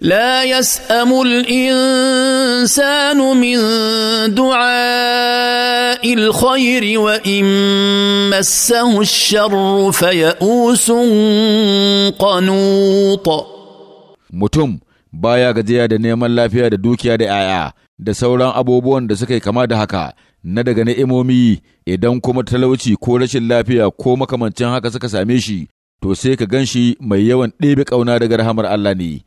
لا يسأم الإنسان من دعاء الخير وإن مسه الشر فيئوس قنوط mutum baya gajiya da neman lafiya da dukiya da 'ya'ya da sauran abubuwan da suka yi kama da haka na daga ni'imomi idan kuma talauci ko rashin lafiya ko makamancin haka suka same shi to sai ka gan shi mai yawan ɗebe ƙauna daga rahamar Allah ne